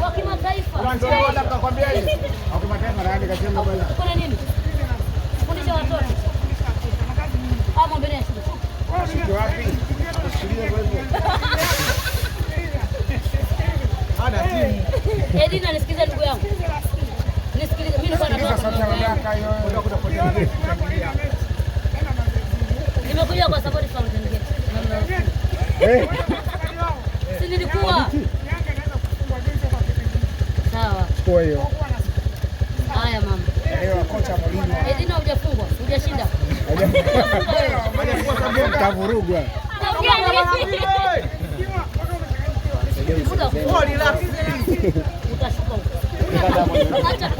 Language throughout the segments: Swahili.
wa kimataifa Nimekuja kwa sababu Fountain eh? eh,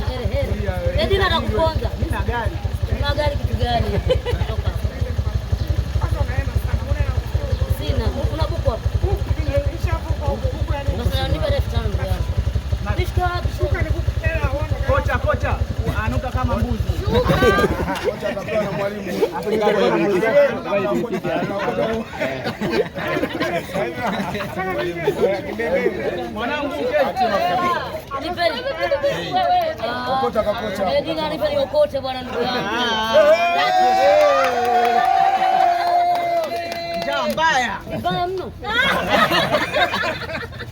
Gate gari. Una gari kitu gani? Sina. Una buku hapa? Kocha kocha, anuka kama mbuzi okote bwana, ndugu yangu mbaya mbaya mno.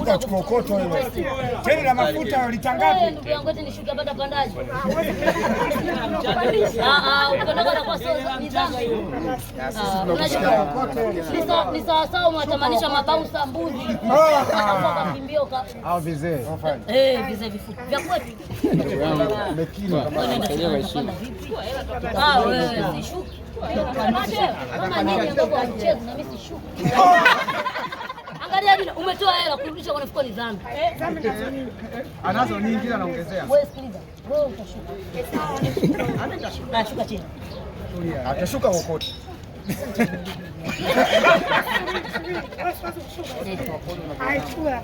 mafuta tukokoto kokoto wewe. Tena na mafuta lita ngapi? Eh, ndugu Ah ah, kwa sio nidhamu mabau sa mbuzi. Ah, ah. ah, vizee. Eh, vizee vifupi. Vya kwetu. Umekima kama vipi? Ah, wewe sishuki. Kama nini ambapo anacheza na mimi sishuki. Ah! hadi hadi umetoa hela kurudisha kwa mfuko ni dhambi. Anazo nyingi na anaongezea. Wewe sikiliza. Wewe utashuka. Ana chini. Atashuka kokote. Aichukua.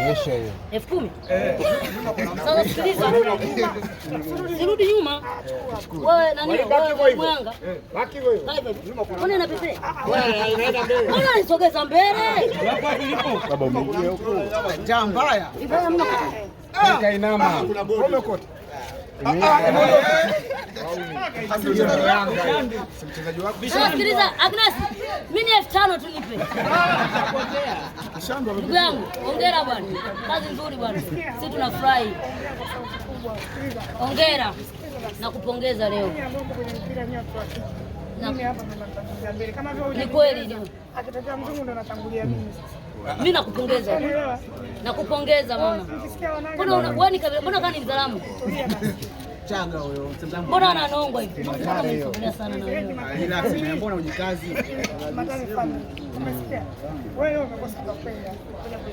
Nyesha hiyo. Elfu kumi. Eh. Sasa sikiliza. Sirudi nyuma. Wewe nani? Wewe mwanga. Baki hivyo hivyo. Mbona inapepea? Wewe inaenda mbele. Mbona mbele? Hapa nilipo. Baba umeingia huko. Njaa mbaya. Mbaya mno. Nikainama. Eh. Ah, Umekota. Agnes, mimi elfu tano tunipe. Ndugu yangu, ongera bwana, kazi nzuri bwana, si tunafurahi. Ongera na kupongeza leo. Ni kweli Akitokea mzungu ndo anatangulia mimi mimi nakupongeza, nakupongeza mama. Mbona kani mzalamu? Mbona ananongwa hivi? sana na mbona ujikazi?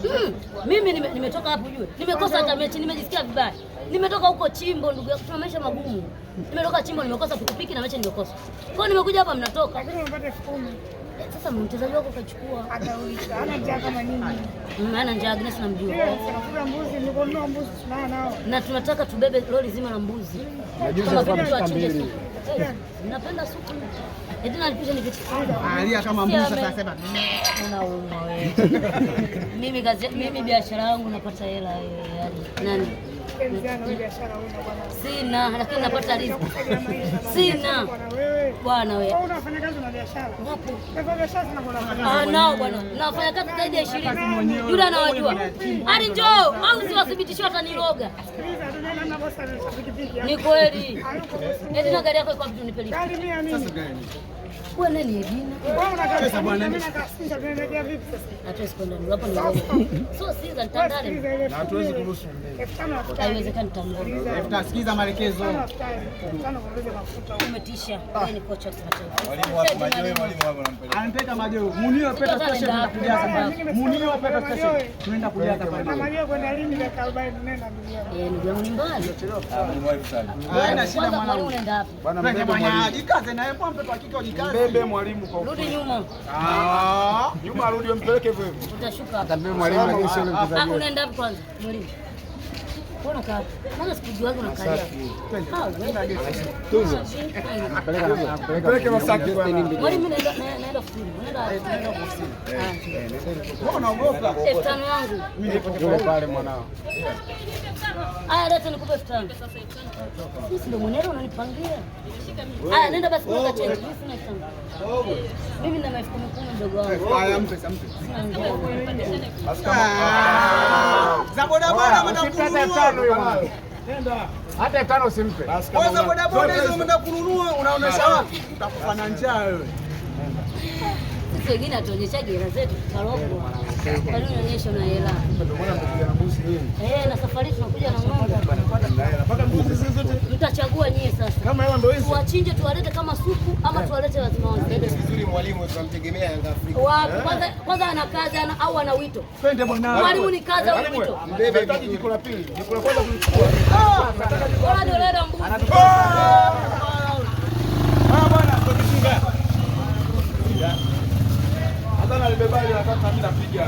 Hmm. Mimi nimetoka hapo juu, nimekosa hata mechi, nimejisikia vibaya. Nimetoka huko chimbo, ndugu yangu, tuna maisha magumu. Nimetoka chimbo, nimekosa pikipiki na mechi nimekosa. Kwa nimekuja hapa, mnatoka sasa mchezaji wako kachukua, Ana njaa kama nini? Mm, Ana njaa Agnes namjua. Na tunataka tubebe lori zima la mbuzi. Kama vile tu suku. Eh, napenda suku. Ah, mm. Mimi biashara yangu napata hela eh, nani? Sina, lakini napata riziki. Sina bwana, wewe kazi ah, bwana, nafanya kazi zaidi ya ishirini. Yule anawajua, ali njoo au Nimethibitishiwa ataniroga. Ni kweli. Eti na gari yako iko vipi? Nipeleke. Bwana ni Edina. Sasa bwana ni hatuwezi kwenda mlo hapo, ni so sikiza Tandale, na hatuwezi kuruhusu, haiwezekani Tandale. Sikiza maelekezo, umetisha. Ah. Ni kocha wa kimataifa, anapeka majeu munio peta station, munio peta station, tunaenda kujaza pale. Eh, ndugu yangu ni mbali, unaenda wapi bwana? Mwanaaji kaze na yeye pombe kwa kikao jikaze Mlembe mwalimu kwa rudi nyuma. Ah, nyuma rudi umpeleke hivyo hivyo. Utashuka. Akambe mwalimu jinsi yule ah, mchezaji. Ah, unaenda kwanza mwalimu. Ah, pale mwanao. Aya, leta nikupe elfu tano. Sisi ndio mwenyewe unanipangia. Aya, nenda basi kwa change. Mimi na elfu kumi kumi ndogo wangu. Aya, mpe mpe. Ah! Za bodaboda mtakuwa tano huyo mwanamke. Hata tano simpe. Kwanza boda boda hizo umeenda kununua unaonesha wapi? Utakufana njaa wewe. Sisi wengine hatuonyeshaji hela zetu tutarogwa. Kwa nini unaonyesha na hela? Ndio maana tunakuja na busi nini? Eh, na safari tunakuja na ng'ombe. tuwachinje tuwalete kama supu ama eh. tuwalete lazima waende vizuri. Mwalimu tunamtegemea Yanga Afrika eh. kwanza, kwanza ana kazi au ana wito? Twende bwana, mwalimu ni kazi au wito? Mbebe jiko la pili, jiko la kwanza tulichukua, anataka ah, mbuzi ah, bwana, tukifunga hata na libebali anataka mimi napiga